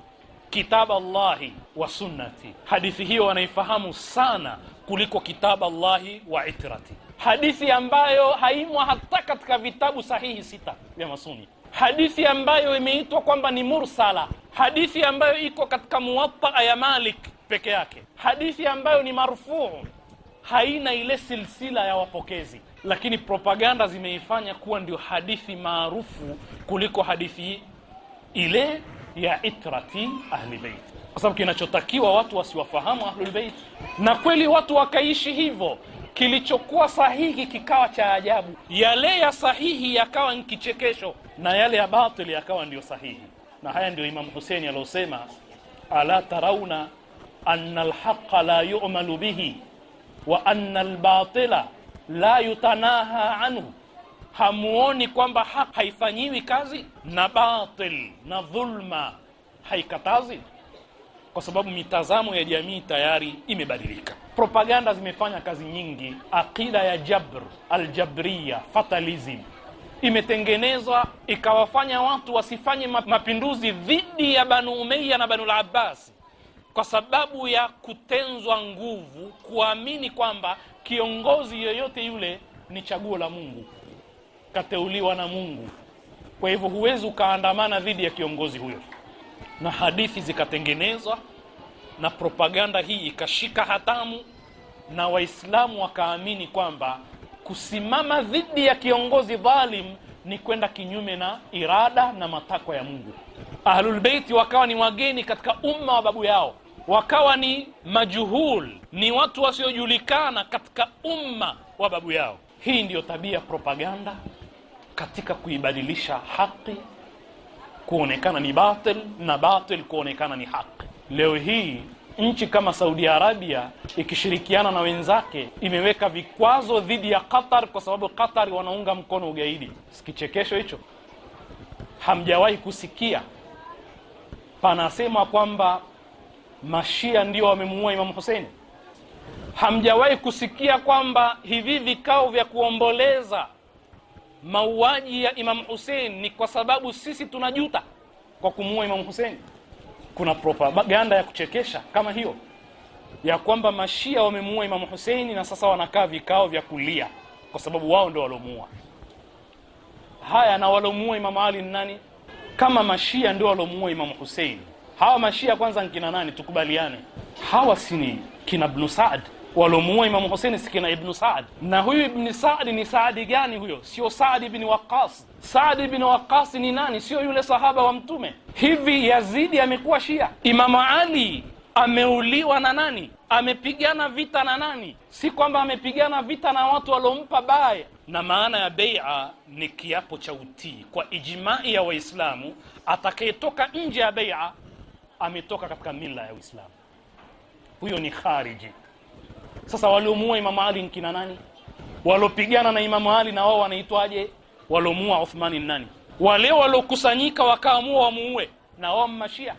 kitaba Allahi wa sunnati. Hadithi hiyo wanaifahamu sana kuliko kitaba Allahi wa itrati, hadithi ambayo haimwa hata katika vitabu sahihi sita vya Masuni, hadithi ambayo imeitwa kwamba ni mursala, hadithi ambayo iko katika Muwatta ya Malik peke yake. Hadithi ambayo ni marufuu haina ile silsila ya wapokezi, lakini propaganda zimeifanya kuwa ndio hadithi maarufu kuliko hadithi ile ya itrati ahlibeit kwa sababu kinachotakiwa watu wasiwafahamu ahlulbeiti, na kweli watu wakaishi hivyo. Kilichokuwa sahihi kikawa cha ajabu, yale ya sahihi yakawa ni kichekesho, na yale ya batili yakawa ndiyo sahihi. Na haya ndio Imamu huseni aliosema ala tarauna anna alhaqa la yu'malu bihi wa anna albatila la yutanaha anhu hamuoni kwamba haq haifanyiwi kazi na batil na dhulma haikatazi kwa sababu mitazamo ya jamii tayari imebadilika propaganda zimefanya kazi nyingi aqida ya jabr aljabriya fatalism imetengenezwa ikawafanya watu wasifanye mapinduzi dhidi ya banu umeya na banu labbasi kwa sababu ya kutenzwa nguvu, kuamini kwamba kiongozi yoyote yule ni chaguo la Mungu, kateuliwa na Mungu. Kwa hivyo huwezi ukaandamana dhidi ya kiongozi huyo, na hadithi zikatengenezwa na propaganda hii ikashika hatamu, na Waislamu wakaamini kwamba kusimama dhidi ya kiongozi dhalim ni kwenda kinyume na irada na matakwa ya Mungu. Ahlulbeiti wakawa ni wageni katika umma wa babu yao wakawa ni majuhul, ni watu wasiojulikana katika umma wa babu yao. Hii ndiyo tabia propaganda katika kuibadilisha haki kuonekana ni batil na batil kuonekana ni haki. Leo hii nchi kama Saudi Arabia ikishirikiana na wenzake imeweka vikwazo dhidi ya Qatar kwa sababu Qatar wanaunga mkono ugaidi. Sikichekesho hicho? Hamjawahi kusikia panasema kwamba Mashia ndio wamemuua Imamu Huseini. Hamjawahi kusikia kwamba hivi vikao vya kuomboleza mauaji ya Imamu Husein ni kwa sababu sisi tunajuta kwa kumuua Imamu Husein? Kuna propaganda ya kuchekesha kama hiyo ya kwamba mashia wamemuua Imamu Huseini na sasa wanakaa vikao vya kulia kwa sababu wao ndio walomuua. Haya, na walomuua Imamu Ali ni nani? Kama mashia ndio walomuua Imamu Huseini, hawa mashia kwanza nkina nani? Tukubaliane, hawa sini kina bnu Saad walomuua Imamu Huseni si kina Ibnu Saad? Na huyu Ibni Saadi ni Saadi gani huyo? Sio Saadi bin Waqas. Saadi bin Waqas ni nani? Sio yule sahaba wa Mtume. Hivi Yazidi amekuwa Shia? Imamu Ali ameuliwa na nani? Amepigana vita na nani? Si kwamba amepigana vita na watu waliompa baya. Na maana ya beia ni kiapo cha utii kwa ijmai ya Waislamu. Atakayetoka nje ya beia ametoka katika mila ya Uislamu, huyo ni khariji. Sasa waliomuua Imamu Ali ni kina nani? Walopigana na Imamu Ali na wao wanaitwaje? Waliomuua Uthmani ni nani? Wale waliokusanyika wakaamua wamuue na wao Mashia.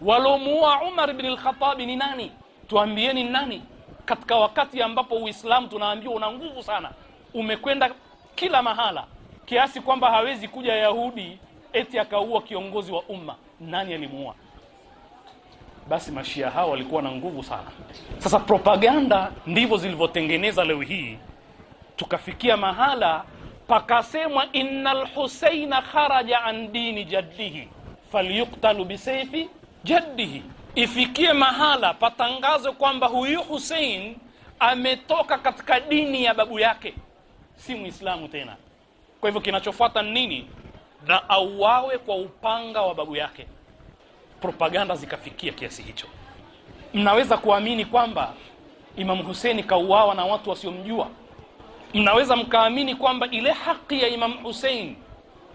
Waliomuua Umar bin al-Khattab ni nani? Tuambieni nani? Katika wakati ambapo Uislamu tunaambiwa una nguvu sana, umekwenda kila mahala, kiasi kwamba hawezi kuja Yahudi eti akaua kiongozi wa umma. Nani alimuua? basi mashia hao walikuwa na nguvu sana. Sasa propaganda ndivyo zilivyotengeneza leo hii tukafikia mahala pakasemwa, innal husaina kharaja an dini jaddihi falyuktalu bisaifi jaddihi, ifikie mahala patangazwe kwamba huyu Husein ametoka katika dini ya babu yake, si mwislamu tena. Kwa hivyo kinachofuata ni nini? Na auawe kwa upanga wa babu yake propaganda zikafikia kiasi hicho. Mnaweza kuamini kwamba Imamu Hussein kauawa na watu wasiomjua. Mnaweza mkaamini kwamba ile haki ya Imamu Hussein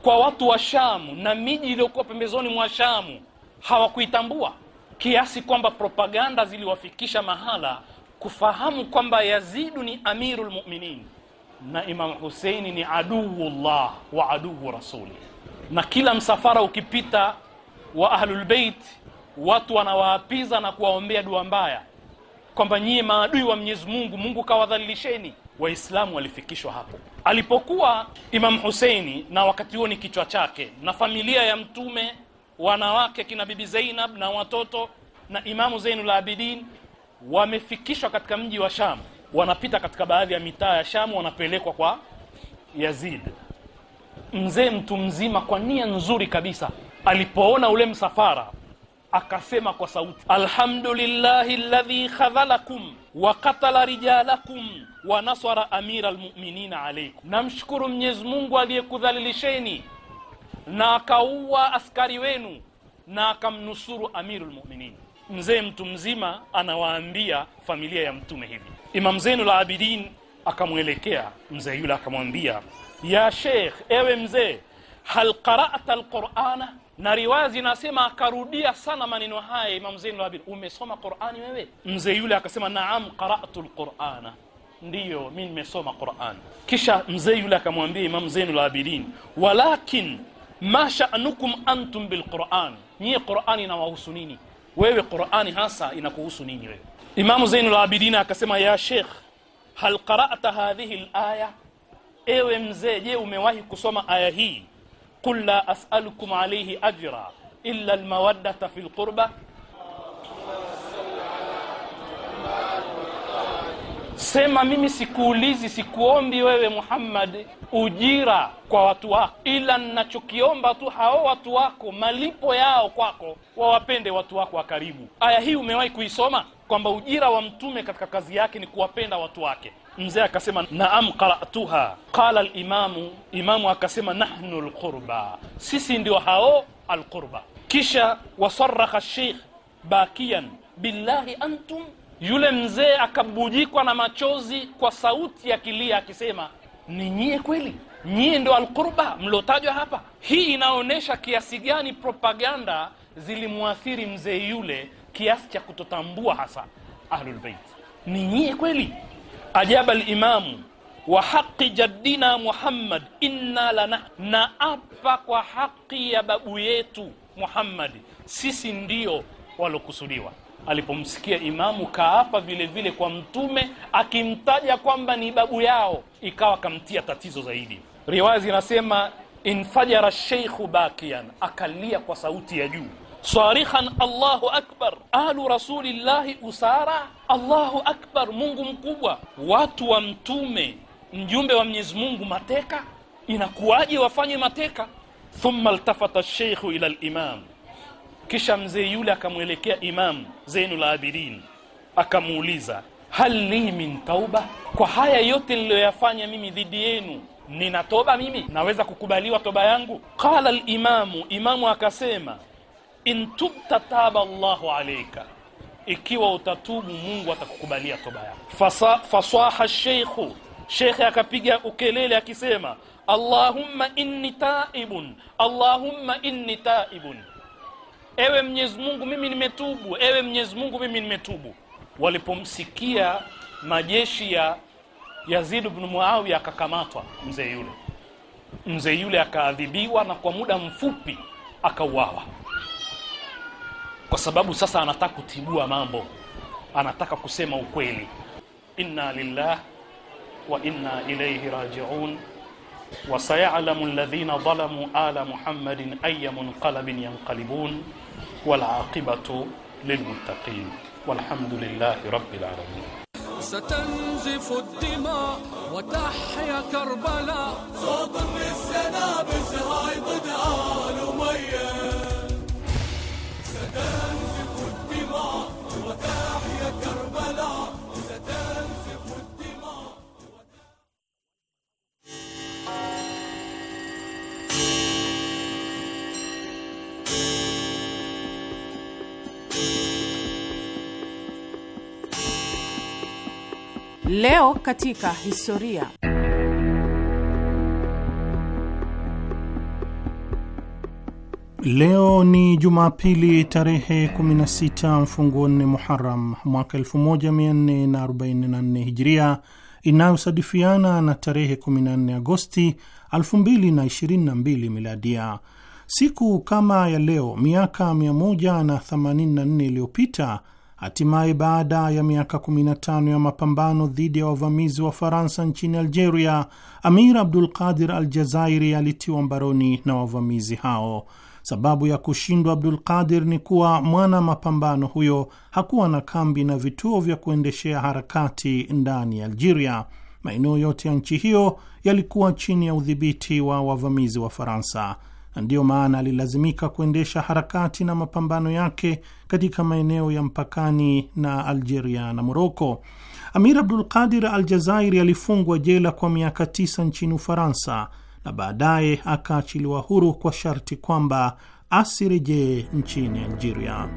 kwa watu wa Shamu na miji iliyokuwa pembezoni mwa Shamu hawakuitambua, kiasi kwamba propaganda ziliwafikisha mahala kufahamu kwamba Yazidu ni amirul muminin na Imamu Huseini ni aduwullah wa aduwu rasuli, na kila msafara ukipita wa ahlulbeit watu wanawaapiza na kuwaombea dua mbaya kwamba nyie maadui wa Mwenyezi Mungu, Mungu kawadhalilisheni. Waislamu walifikishwa hapo alipokuwa Imam Huseini, na wakati huo ni kichwa chake na familia ya Mtume, wanawake kina Bibi Zainab na watoto na Imamu Zainul Abidin wamefikishwa katika mji wa Sham, wanapita katika baadhi ya mitaa ya Sham, wanapelekwa kwa Yazid, mzee mtu mzima, kwa nia nzuri kabisa alipoona ule msafara akasema kwa sauti, alhamdulillahi ladhi khadhalakum wa katala rijalakum wa nasara amira almu'minina alaikum, namshukuru Mwenyezi Mungu aliyekudhalilisheni na akaua askari wenu na akamnusuru amiru lmuminin. Mzee mtu mzima anawaambia familia ya mtume hivi. Imam Zenu la Abidin akamwelekea mzee yule akamwambia, ya sheikh, ewe mzee, hal qara'ta alqur'ana na riwaya zinasema akarudia sana maneno haya Imam Zainul Labid, umesoma Qur'ani wewe? Mzee yule akasema naam, qara'tu lqurana, ndiyo mi nimesoma Qurani. Kisha mzee yule akamwambia Imam Zainul labidin walakin ma sha'nukum antum bilquran, nyie Qur'ani inawahusu nini? Wewe Qur'ani hasa inakuhusu nini wewe? Imam Zainul Labidin akasema ya Sheikh, hal qara'ta hadhihi laya, ewe mzee, je umewahi kusoma aya hii qul la as'alukum alayhi ajra illa almawaddata fil qurba sema mimi sikuulizi sikuombi wewe Muhammad ujira kwa watu wako, ila ninachokiomba tu hao watu wako malipo yao kwako, wawapende watu wako wa karibu. Aya hii umewahi kuisoma kwamba ujira wa mtume katika kazi yake ni kuwapenda watu wake mzee akasema naam qara'tuha qala limamu imamu akasema nahnu lqurba sisi ndio hao alqurba kisha wasarakha sheikh bakian billahi antum yule mzee akabujikwa na machozi kwa sauti ya kilia akisema ni nyie kweli nyie ndio alqurba mliotajwa hapa hii inaonyesha kiasi gani propaganda zilimwathiri mzee yule kiasi cha kutotambua hasa ahlulbeit ni nyie kweli ajaba limamu wa haqi jaddina Muhammad inna lana na apa kwa haqi ya babu yetu Muhammad sisi ndio walokusudiwa alipomsikia imamu kaapa vile vile kwa mtume akimtaja kwamba ni babu yao ikawa kamtia tatizo zaidi riwazi inasema infajara sheikhu bakian akalia kwa sauti ya juu صارخا الله akbar ahlu rasulillahi usara Allahu akbar Mungu mkubwa watu wa mtume mjumbe wa Mwenyezi Mungu mateka inakuwaje wafanye mateka thumma altafata ash ila limam kisha mzee yule akamwelekea imam Zainul Abidin akamuuliza hal li min tauba kwa haya yote niliyoyafanya mimi dhidi yenu nina toba mimi naweza kukubaliwa toba yangu qala limamu imamu imamu akasema in tubta taba Allahu alayka, ikiwa utatubu Mungu atakukubalia toba yako. Fasaha sheikhu, shekhe akapiga ukelele akisema, Allahumma inni taibun, Allahumma inni taibun, ewe Mwenyezi Mungu mimi nimetubu, ewe Mwenyezi Mungu mimi nimetubu. Walipomsikia majeshi ya Yazid bnu Muawiya akakamatwa mzee yule, mzee yule akaadhibiwa na kwa muda mfupi akauawa. kwa sababu sasa anataka kutibua mambo anataka kusema ukweli inna lillah wa inna ilayhi raji'un وسيعلم الذين ظلموا آل محمد أي منقلب ينقلبون والعاقبة للمتقين والحمد لله رب العالمين ستنزف الدماء وتحيا كربلاء صوت من السنابل هاي ضد آل أمية Leo katika historia. Leo ni Jumapili tarehe 16 mfunguo nne Muharam mwaka 1444 Hijria, inayosadifiana na tarehe 14 Agosti 2022 Miladia. Siku kama ya leo miaka 184 iliyopita Hatimaye, baada ya miaka 15 ya mapambano dhidi ya wavamizi wa Faransa nchini Algeria, Amir Abdul Qadir Al Jazairi alitiwa mbaroni na wavamizi hao. Sababu ya kushindwa Abdul Qadir ni kuwa mwana mapambano huyo hakuwa na kambi na vituo vya kuendeshea harakati ndani ya Algeria. Maeneo yote ya nchi hiyo yalikuwa chini ya udhibiti wa wavamizi wa Faransa na ndiyo maana alilazimika kuendesha harakati na mapambano yake katika maeneo ya mpakani na Algeria na Moroko. Amir Abdul Qadir al Jazairi alifungwa jela kwa miaka tisa nchini Ufaransa na baadaye akaachiliwa huru kwa sharti kwamba asirejee nchini Algeria.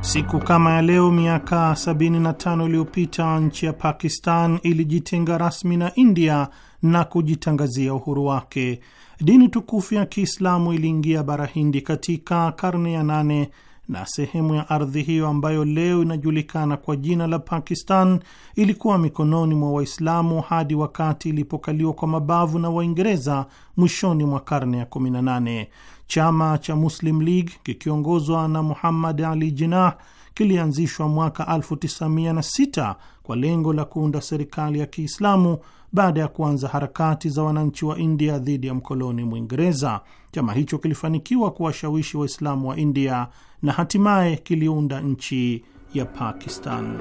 Siku kama ya leo miaka 75 iliyopita nchi ya Pakistan ilijitenga rasmi na India na kujitangazia uhuru wake. Dini tukufu ya Kiislamu iliingia bara Hindi katika karne ya nane na sehemu ya ardhi hiyo ambayo leo inajulikana kwa jina la Pakistan ilikuwa mikononi mwa Waislamu hadi wakati ilipokaliwa kwa mabavu na Waingereza mwishoni mwa karne ya 18. Chama cha Muslim League kikiongozwa na Muhammad Ali jinah kilianzishwa mwaka 1906 kwa lengo la kuunda serikali ya Kiislamu baada ya kuanza harakati za wananchi wa India dhidi ya mkoloni Mwingereza. Chama hicho kilifanikiwa kuwashawishi Waislamu wa India na hatimaye kiliunda nchi ya Pakistan.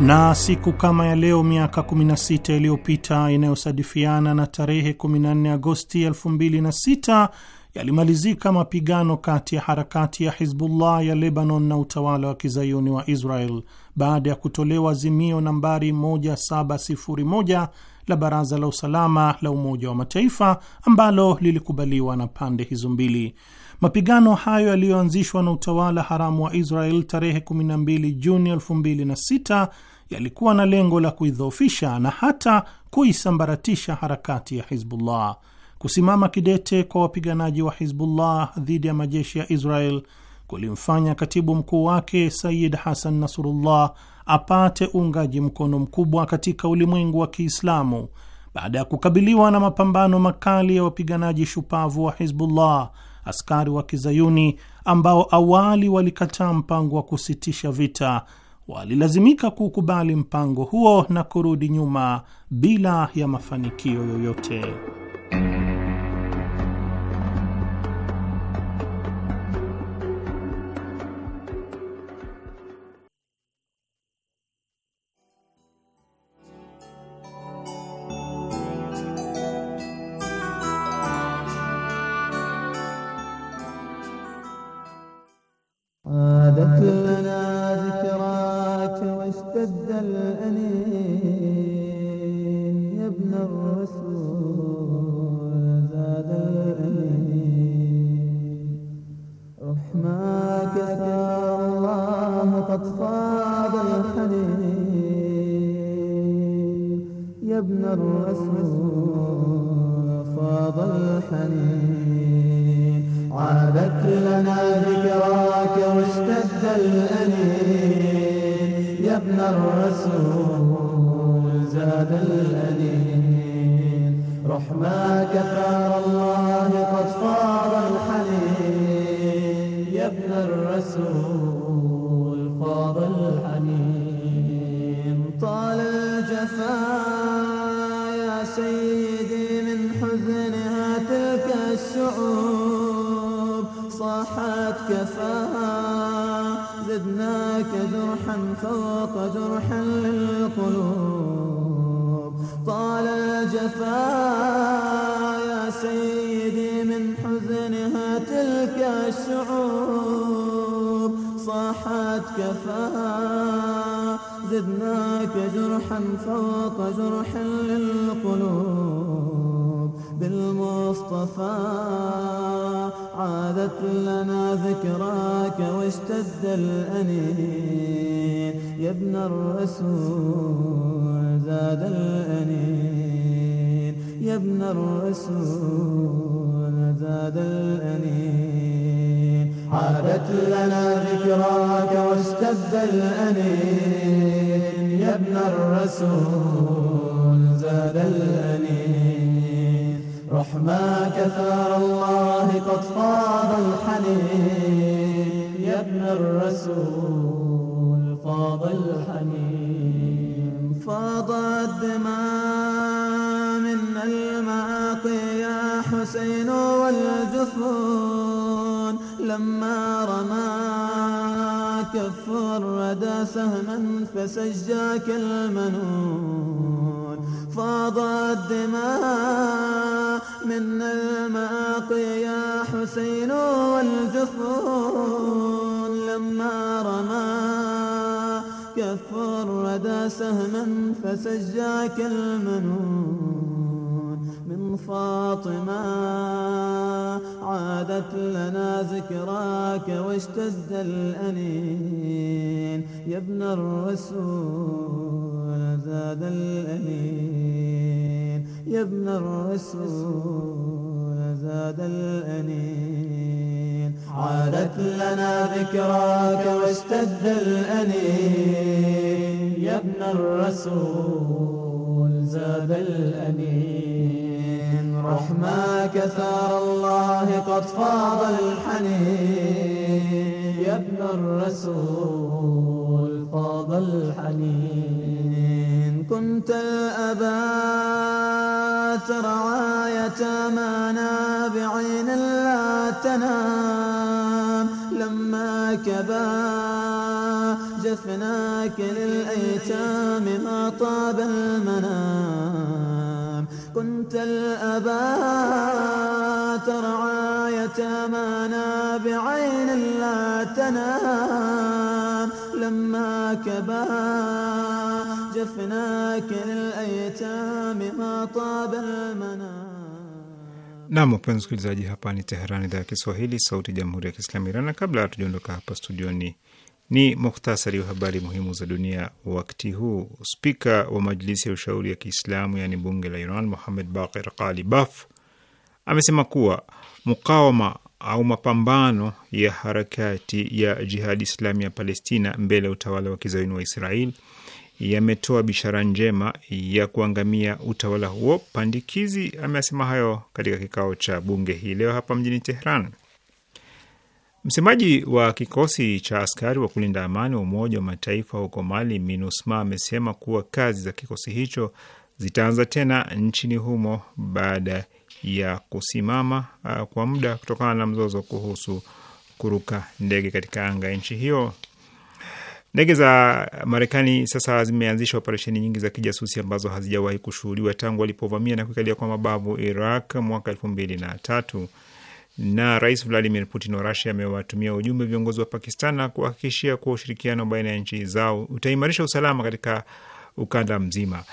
na siku kama ya leo miaka 16 iliyopita inayosadifiana na tarehe 14 Agosti 2006 yalimalizika mapigano kati ya harakati ya Hizbullah ya Lebanon na utawala wa kizayuni wa Israel baada ya kutolewa azimio nambari 1701 la Baraza la Usalama la Umoja wa Mataifa ambalo lilikubaliwa na pande hizo mbili. Mapigano hayo yaliyoanzishwa na utawala haramu wa Israel tarehe 12 Juni 2006 yalikuwa na lengo la kuidhoofisha na hata kuisambaratisha harakati ya Hizbullah. Kusimama kidete kwa wapiganaji wa Hizbullah dhidi ya majeshi ya Israel kulimfanya katibu mkuu wake Sayid Hasan Nasrullah apate uungaji mkono mkubwa katika ulimwengu wa Kiislamu baada ya kukabiliwa na mapambano makali ya wapiganaji shupavu wa Hizbullah, askari wa Kizayuni ambao awali walikataa mpango wa kusitisha vita walilazimika kuukubali mpango huo na kurudi nyuma bila ya mafanikio yoyote. اشتد الأنين يا ابن الرسول زاد الأنين رحماك ثار الله قد فاض الحنين يا ابن الرسول فاض الحنين عادت لنا ذكراك واشتد الأنين يا ابن الرسول زاد الأدين رح معك الله قد فار الحنين يا ابن الرسول ذاك جرحا فوق جرحا للقلوب طال الجفا يا سيدي من حزنها تلك الشعوب صاحت كفا زدناك جرحا فوق جرح للقلوب بالمصطفى عادت لنا ذكراك واشتد الأنين يا ابن الرسول زاد الأنين يا ابن الرسول زاد الأنين عادت لنا ذكراك واشتد الأنين يا ابن الرسول زاد الأنين رحماك ثار الله قد طاب الحنين يا ابن الرسول فاض الحنين فاض الدماء من المعاقي يا حسين والجفون لما رمى كف الردى سهما فسجاك المنون فاض الدماء من الماقي يا حسين والجفون لما رمى كف الردى سهما فسجاك المنون من فاطمة عادت لنا ذكراك واشتد الأنين يا ابن الرسول زاد الأنين يا ابن الرسول زاد الأنين عادت لنا ذكراك واشتد الأنين يا ابن الرسول زاد الأنين رحماك ثار الله قد فاض الحنين يا ابن الرسول فاض الحنين كنت الأبا رعاية بعين لا تنام لما كبا جفناك للأيتام ما طاب المنام كنت الأبا ترعى يتامانا بعين لا تنام لما كبا جفناك للأيتام ما طاب المنام Nam, wapenzi msikilizaji, hapa ni Teherani, idhaa ya Kiswahili, sauti ya jamhuri ya kiislamu Iran. Na kabla hatujaondoka hapa studioni Ni muhtasari wa habari muhimu za dunia wakati huu. Spika wa Majlisi ya Ushauri ya Kiislamu, yaani bunge la Iran, Muhamed Bakir baf amesema kuwa mukawama au mapambano ya harakati ya Jihadi Islami ya Palestina mbele ya utawala wa kizayuni wa Israel yametoa bishara njema ya kuangamia utawala huo pandikizi. Amesema hayo katika kikao cha bunge hii leo hapa mjini Tehran. Msemaji wa kikosi cha askari wa kulinda amani wa Umoja wa Mataifa huko Mali, MINUSMA, amesema kuwa kazi za kikosi hicho zitaanza tena nchini humo baada ya kusimama uh, kwa muda kutokana na mzozo kuhusu kuruka ndege katika anga ya nchi hiyo. Ndege za Marekani sasa zimeanzisha operesheni nyingi za kijasusi ambazo hazijawahi kushuhudiwa tangu walipovamia na kuikalia kwa mabavu Iraq mwaka elfu mbili na tatu na Rais Vladimir Putin wa Rusia amewatumia ujumbe viongozi wa Pakistan na kuhakikishia kuwa ushirikiano baina ya nchi zao utaimarisha usalama katika ukanda mzima.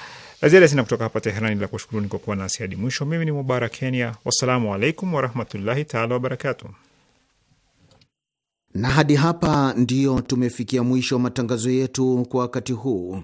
La ziada sina kutoka hapa Teherani, la kushukuruni kwa kuwa nasi hadi mwisho. Mimi ni Mubarak Kenya, wassalamu alaikum warahmatullahi taala wabarakatu Na hadi hapa ndiyo tumefikia mwisho wa matangazo yetu kwa wakati huu.